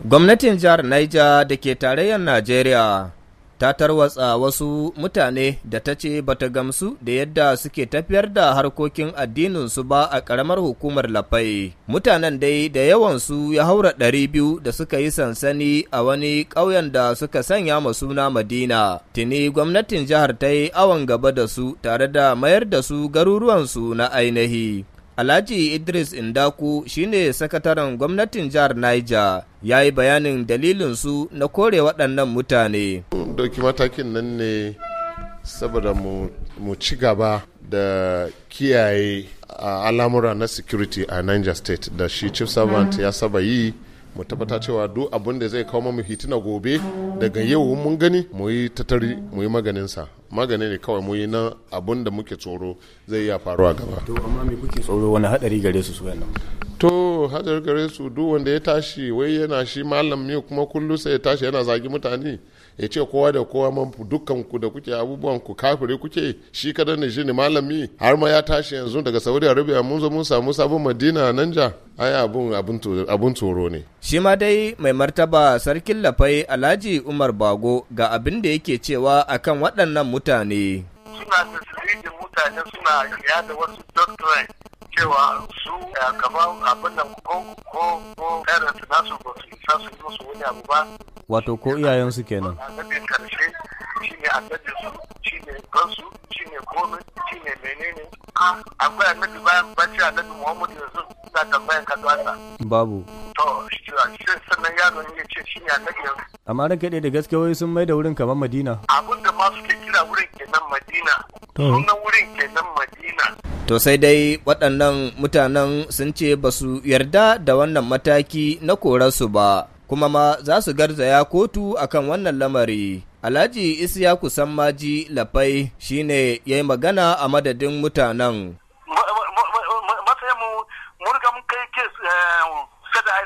Gwamnatin jihar Niger da ke tarayyar Najeriya ta tarwatsa wasu mutane da ta ce bata gamsu da yadda suke tafiyar da harkokin addininsu ba a ƙaramar hukumar lafai. Mutanen dai da yawansu ya haura ɗari biyu da suka yi sansani a wani ƙauyen da suka sanya ma suna Madina. Tuni gwamnatin jihar ta yi awon gaba da su tare da mayar da su garuruwansu na ainihi. Alhaji Idris Indaku shine sakataren gwamnatin jihar Niger ya yi bayanin dalilinsu na kore waɗannan mutane. Doki matakin nan ne saboda mu ci gaba da kiyaye al'amura na security a Niger State da shi Chief Servant mm. ya saba yi. mu tabbata cewa duk abin da zai kawo mu fitina gobe daga yau mun gani mu yi tattari mu yi maganin sa magani ne kawai mu yi nan abin da muke tsoro zai iya faruwa gaba to amma me kuke tsoro wani hadari gare su su wannan to hadari gare su duk wanda ya tashi wai yana shi malam ne kuma kullu sai ya tashi yana zagi mutane ya ce kowa da kowa man dukkan ku da kuke abubuwan ku kafire kuke shi kadan ne shi ne malami har ma ya tashi yanzu daga Saudi Arabia mun zo mun samu sabon Madina nan ja ai abun abun tsoro ne Shi ma dai mai martaba sarkin lafai Alhaji Umar Bago ga abin da yake cewa akan waɗannan mutane. Suna da mutane suna yada wasu doctrine cewa su gaba eh, abin da ko ko ko parents nasu ba su isa su yi musu wani abu ba. Wato ko iyayensu kenan. Annabin karshe shi ne annabin su shi ne gansu shi ne komai shi ne menene. Akwai annabi bayan bacci annabi Muhammadu yanzu suna tambayan kaza. Babu. To amma ranka dai da gaske wai sun mai da wurin kamar Madina abin da ma suke kira wurin kenan Madina sunan wurin kenan Madina To sai dai waɗannan mutanen sun ce ba su yarda da wannan mataki na korarsu ba, kuma ma za su garzaya kotu akan wannan lamari. Alhaji Isiyaku Sammaji Lafai shi ne ya yi magana a madadin mutanen. Matsayin mu, mun kai kes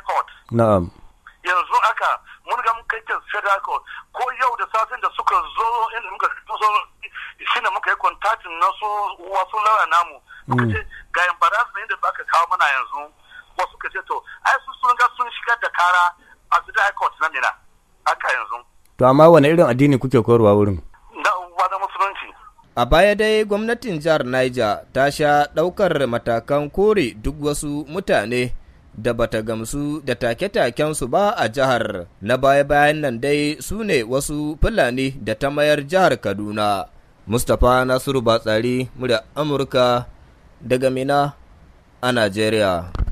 Court. Na'am. majalisar federal court ko yau da safin da suka zo inda muka zo shi ne muka yi kontatin na su wasu lara namu muka mm. ce ga embarrassment da baka kawo mana yanzu ko suka ce to ai su sun ga sun shigar da kara a su federal court na mina aka yanzu to amma wani irin addini kuke koyarwa wurin na musulunci A baya dai gwamnatin jihar Niger ta sha ɗaukar matakan kore duk wasu mutane da bata gamsu da take-takensu ba a jihar na baya-bayan nan dai su ne wasu fulani da ta mayar jihar kaduna mustapha nasiru batsari murya amurka daga mina a najeriya